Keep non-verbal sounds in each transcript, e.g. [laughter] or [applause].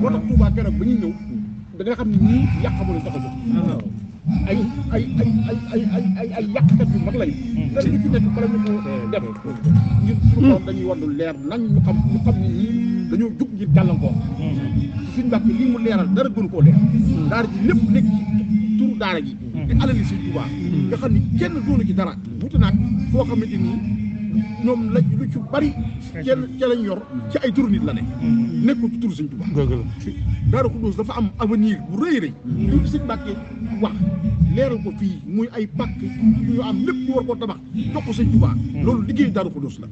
moo tax Touba keroog ba ñuy ñëw da xam ne ñii yàq ma leen tax a jóg ah. ay ay ay ay ay ay ay yàqkat yu mag lañ dara li ci nekk ko def hmm. Hmm. dañuy wan leer nañ ñu xam ñu xam ne ñii dañoo jug ngir gàllankoor hmm. suñu mbàkk lii mu leeral dara gënu koo leer daara ji lépp nekk ci turu daara ji di alali suñu Touba nga xam ne kenn doonu ci dara wuti naag foo xamante nii ñoom lañ lu ci bari. ca lañ yor ci ay tur nit la ne. Mm-hmm. nekkul ci tur Sëñ Tuubaa. dëgg la Daaru Xudoos dafa am avenir bu rëy rëy. lu Sëñ wax. leeral ko fii muy ay pàkk yu am lépp ñu war koo tabax jox ko sëñ Tuubaa loolu liggéey Daaru Xudoos la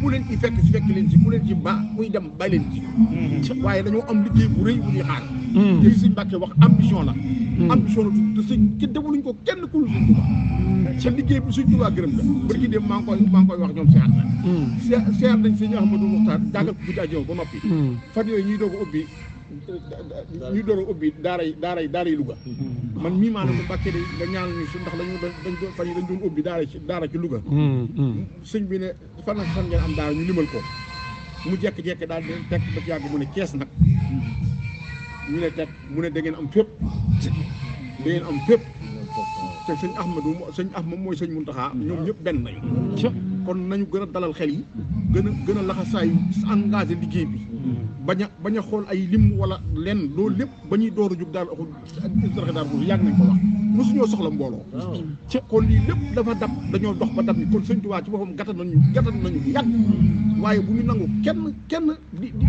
bu leen ci fekk ci fekk leen ci bu leen ci baa muy dem bay leen ci mm. waaye dañoo am liggéey bu rëy bu ñuy xaar lii mm. sëñ Mbàkke wax ambition la mm. ambition la te sëñ kenn defaluñ ko kenn ku dul sëñ Tuubaa sa liggéey bi sëñ Tuubaa gërëm la bërki dem maa ngi koy maa sa koy wax ñoom seer na seer nañ ma Ahmadou Muxtaar jàngal ko bu ci ajjuma ba noppi fan yooyu ñuy doog a ñu door a ubbi daaray daaray daaray Louga man mii maa ne ko Mbàkke de ñu si ndax dañu dañ doon fan yi dañ doon ubbi daara ci daara ci Louga mm, mm. sëñ bi ne fan ak fan ngeen am daara ñu limal ko mu jekk-jekk daal di teg ba ci yàgg mu ne kees nag ñu ne teg mu ne da ngeen am fépp da ngeen am fépp te sëñ Ahmadu sëñ Ahmad mooy sëñ Muntaxa ñoom ñëpp benn nañu kon nañu gën a dalal xel yi gën a gën a laxasaayu engagé liggéey bi bañ a bañ a xool ay lim wala lenn loolu lépp ba ñuy door a jug daal ak saraxe daal boobu yàgg nañ ko wax mosuñoo soxla mbooloo ci kon lii lépp dafa dab dañoo dox ba dab ni kon sëñ Tuubaa ci boppam gàttal nañu gàttal nañu bu yàgg waaye bu ñu nangu kenn kenn di di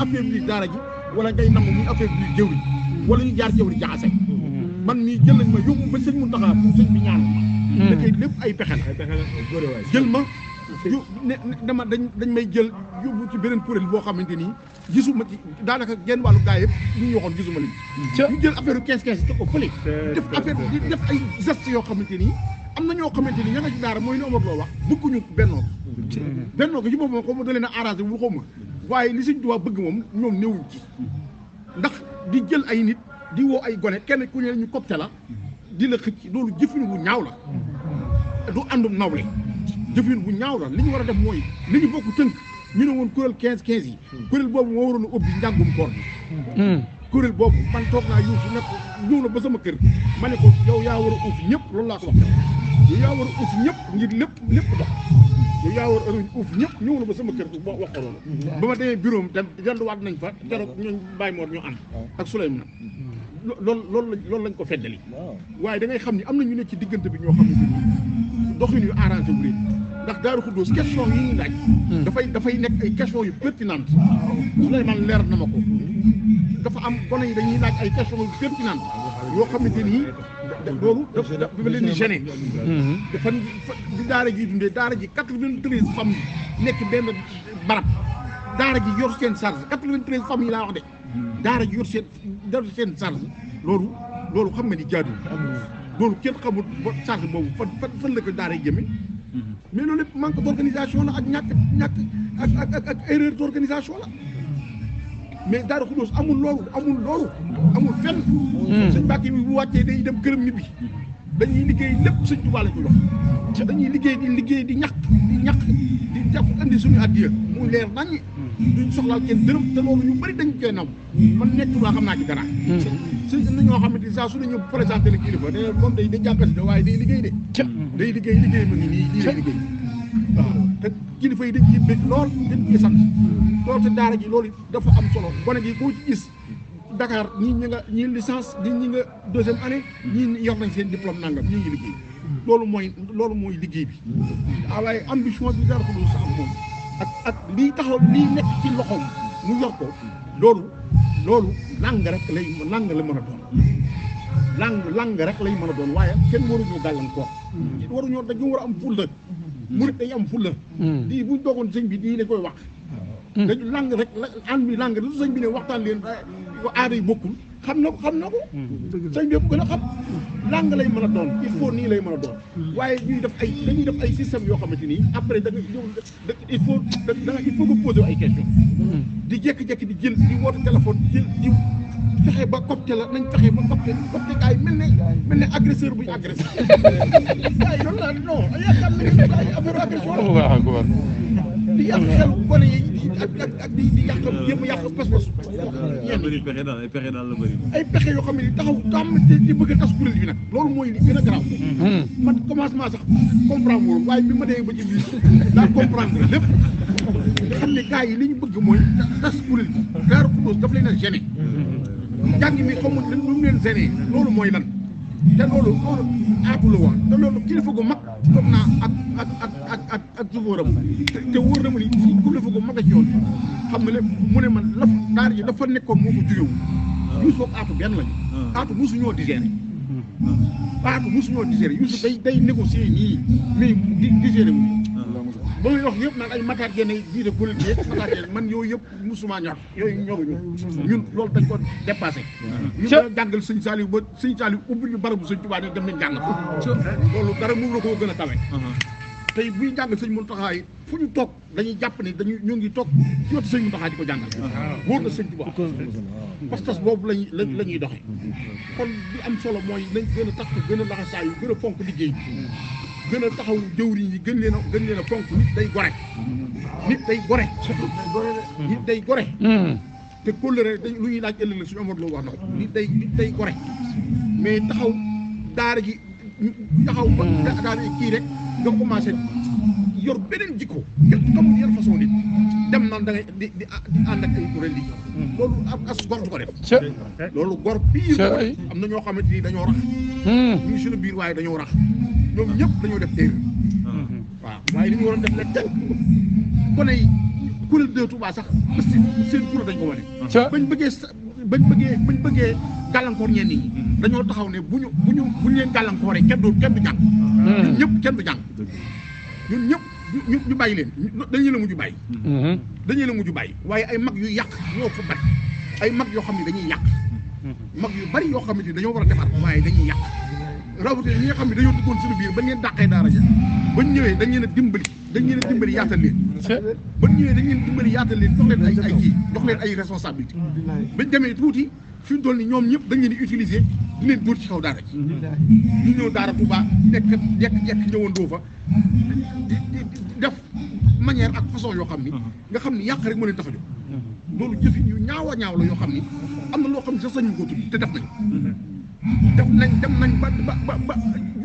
affaibli daara ji wala ngay nangu ñu affaibli jëwri wala ñu jaar jëwri jaxase man mii jël nañ ma yóbbu ba sëñ Muntaxa pour sëñ bi ñaan ma hmm. da koy lépp ay pexe la jël ma ne dama dañ dañ may jël yóbbu ci beneen kuréel boo xamante nii gisuma ci daanaka genn wàllu gaa yëpp ñu ñu waxoon gisuma leen ñu jël affaire quinze quinze teg ko fële def affaire def ay gestes yoo xamante nii am na ñoo xamante ni ña nga ci daara mooy ni Omar loo wax bëgguñu bennoo ko bennoo ko ci boppam xaw ma da leen a arrangé bu xaw waaye li sëñ Tuubaa bëgg moom ñoom néewuñ ci ndax di jël ay nit di woo ay gone kenn ku ne ñu copte la di la xëcc loolu jëfin bu ñaaw la du àndum nawle jëfin bu ñaaw la li ñu war a mooy ñu ne woon kuréel 15 15 yi. kuréel boobu moo waroon a ubbi njàngum koor bi. Hmm. kuréel boobu man toog naa yuusu nag ñëw ba sama kër ma ne ko yow yaa war a uuf ñëpp loolu laa ko wax yow yaa war a uuf ñëpp ngir lépp lépp dox yow yaa war a uuf ñëpp ñëw na ba sama kër wax wax ko loolu hmm. ba ma demee bureau am tam delluwaat nañ fa keroog ñooñ bàyyi moor ñu am hmm. ak Souleymane loolu loolu loolu lañ ko feddali waaye da ngay xam ne am na ñu ne ci diggante bi ñoo xam ne doxin yu arrangé wu leen ndax Daaru Xuddoos question yi ñuy laaj. Hmm. dafay dafay nekk ay question yu pertinente Souleymane leer na ma ko dafa am gone yi dañuy laaj ay question yu pertinente yoo xamante ni loolu dafa leen di gêné. Hmm. dafa di daara ji dundee daara ji quatre-vingt-treize famille nekk benn barab daara ji yor seen charge quatre-vingt-treize famille laa wax de daara ji yor seen yor seen charge loolu loolu xam nga ni jaaduwul hmm. loolu kenn xamul ba charge boobu fan fan la ko daara jëme mais loolu lépp manque d' organisation la ak ñàkk ñàkk ak ak ak ak erreur organisation la mais Darou Khoudoss amul loolu amul loolu amul fenn. Hmm. sëñ Mbàkke bi bu wàccee day dem këram bi dañuy liggéey lépp sëñ Tuubaa la ñu dañuy liggéey di liggéey di ñàkk di ñàkk di jàpp andi suñu addiya mu leer naññ. duñ soxlaal kenn dërëm te loolu ñu bëri dañ koy man nekk Touba xam naa ci dara su na ñoo xamante saa su ñu présenté la kilifa da moom day da jànkasi da waaye day liggéey de day liggéey liggéey kilifa yi dañ ci bëgg lool dañ ci sant loolu te daara ji loolu am solo gone gi ci gis Dakar ñii ñi nga ñii licence ñii ñi nga deuxième année seen diplôme nangam ñii ngi liggéey loolu mooy loolu mooy liggéey bi waaye ambition bi dara ko du sax ak ak lii taxaw liy nekk ci loxoom mu yor ko loolu loolu lang rek lay lang la mën a doon lang lang rek lay mën a doon waaye kenn waruñoo gàllankoor mm-hmm. waruñoo dañu war a am fulla mm-hmm. murit day am fulla mm-hmm. lii buñ doogoon sëñ bi nii lañ koy wax dañu lang rek an bi lang la sëñ bi ne waxtaan leen ko bokkul xam na ko xam na ko. sëñ bi gën a xam. làng lay mën a doon il faut nii lay mën a doon. waaye ñuy def ay dañuy def ay système yoo xamante ni après da nga da il faut da il faut que poser ay question hmm. di jékki-jékki di jël di woote téléphone jël di fexe ba copte la nañ fexe ba copte copte gars yi mel ne mel ne agresseur buñ agressé. [laughs] gars yi loolu laa non xam nañ ne gars yi affaire agression la. di yàq xel gone yi ak ak ak di di yàq yëpp yàq pas-pas. ay pexe daal la bëri. ay pexe yoo xam ne taxaw tam di bëgg a tas kuréel bi nag loolu mooy li gën a garaaw. Hmm. man commencement sax comprendre woon waaye bi ma dee ba ci biir daa comprendre lépp nga xam ne gars yi li ñu bëgg mooy tas kuréel bi. Daaru Xudoos daf leen a gêné. Hmm. jàng mi xaw ma lu mu leen gêné loolu mooy lan. te loolu loolu aabu la woon te loolu kilifa gu mag toog naa ak ak ak ak ak ak sofóoram te wóor na ma ni si kilifa gu mag a ci xam nga lépp mu ne man la daar ji dafa nekkoon moo ko jugewu ah. Youssou ak aatu benn lañu ah. aatu mosuñoo digéré hmm. aatu mosuñoo digéré Youssou day day négocier yii mais di digéré wu ba muy wax yëpp naan ay mataat yenn jiite politique mataat man yooyu yëpp musuma ñor yooyu ñor ñun loolu dañ ko dépassé ñu ko jàngal sëñ Saliou ba sëñ Saliou ubbi ñu barabu sëñ Tuubaa ni dem nañ jàng loolu dara mun na koo gën a tawe uh-huh. tey buy jàngal sëñ Mountakha yi fu ñu toog dañuy jàpp ne dañuy ñu ngi toog ci wetu sëñ Mountakha di ko jàngal uh-huh. wóor na sëñ Tuubaa pastas boobu lañuy la ñuy doxe kon bi am solo mooy nañ gën a takk gën a laxasaayu gën a fonk liggéey gën a taxaw jëwriñ gën leen a gën leen a fonk nit day gore nit day gore nit day gore te kóllëre dañ lu ñuy laaj gën la suñu amoon loolu wax na ko nit day nit day gore mais taxaw daara gi taxaw ba daara kii rek nga commencé yor beneen jikko xamul yan façon nit dem naan da ngay di di ak ay kuréel yi loolu as gor du ko def loolu am na ñoo xamante ni dañoo rax hmm. ñu ngi suñu biir waaye dañoo rax ñoom ñëpp dañoo def erreur. waaw waaye li ñu waroon def la tënk ko nay kuréel de Touba sax aussi seen tur dañ ko wane. bañ bëggee bañ bëggee bañ bëggee gàllankoor ñenn ñi. Hmm. dañoo taxaw ne bu ñu bu ñu bu ñu leen gàllankooree kenn du kenn du jàng. Hmm. ñun ñëpp kenn du jàng. ñun ñëpp. ñu ñu bàyyi leen dañuy la mujj bàyyi. Hmm. dañuy la mujj bàyyi waaye ay mag yu yàq ñoo fa bari ay mag yoo xam ne dañuy yàq. mag yu bari yoo xam ne dañoo war a defar waaye dañuy yàq. rawatina ñi nga xam ne dañoo duggoon suñu biir ba ngeen dàqee daara ja bañ ñëwee dañ leen a dimbali dañ leen a dimbali yaatal leen bañ ñëwee dañ leen dimbali yaatal leen jox leen ay leen ay responsabilité bañ demee tuuti fi mu toll ni ñoom ñëpp dañ leen di utiliser di leen dóor ci kaw daara ji ñu ñëw daara Touba nekk jekk-jekk ñëwandoo fa def manière ak façon yoo xam ni uh-huh. nga xam ni yàq rek moo leen tax a jóg loolu jëfin yu ñaaw ñaaw la yoo xam ni am na loo xam ne sax sañu ko tudd te def nañ def nañ dem nañ ba ba ba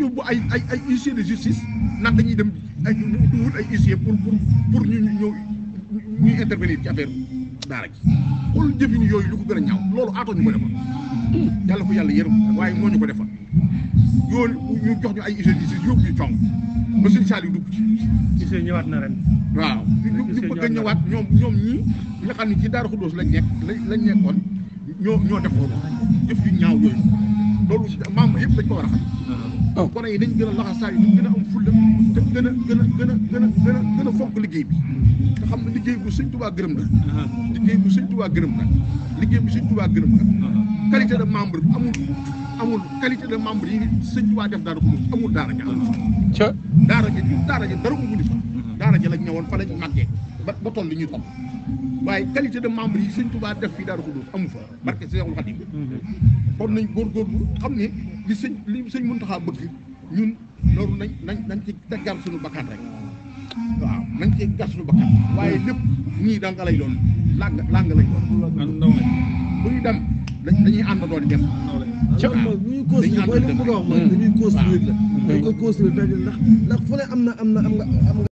yóbbu ay ay ay huissier de justice nan dañuy dem ay wut ay pour pour pour ñu ñëw ñuy intervenir ci affaire daara ji xool jëfin yooyu lu ko gën a ñaaw loolu aatoo ñu ko defal yàlla ko yàlla yërëm waaye moo ñu ko defal yoolu ñu jox ñu ay huissier de justice yóbbu ñu cong ba suñ saal yu dugg ci. huissier ñëwaat na ren. waaw li bëgg a ñëwaat ñoom ñoom ñi nga xam ne ci Daaru Xuddoos lañ nekk lañ nekkoon ñoo ñoo def loolu jëf yu ñaaw yooyu. loolu maam yëpp dañ ko war a xam kon ah. yi nañ gën a laxasaay ñu gën a am fulla te gën a gën a gën a gën a gën a gën a fonk liggéey bi liggéey bu sëñ gërëm la ah. liggéey bi sëñ tubaa gërëm la liggéey bu sëñ tubaa gërëm la ah. qualité de membre amul amul qualité membre yi sëñ tubaa def daara ko amul daara ja ca daara ja daara ja dara umbundi fa daara ja lañ ñëwoon fa lañ màggee ba ba toll li ñuy toll waaye qualité de membre yi sëñ tubaa def fii daara ko amul fa barke Seexul Xadim mm-hmm. kon nañ góorgóorlu xam ne li sëñ li sëñ Muntaxa bëgg ñun loolu nañ nañ nañ ci teggal suñu bakkan rek waaw nañ ci gas suñu bakkan waaye lépp nii da nga lay doon làng làng lay doon doon dem ci mo ñuy construire mooy li mu bëgg a wax mooy dañuy dañ ko construire ndax ndax fu ne am na am na am nga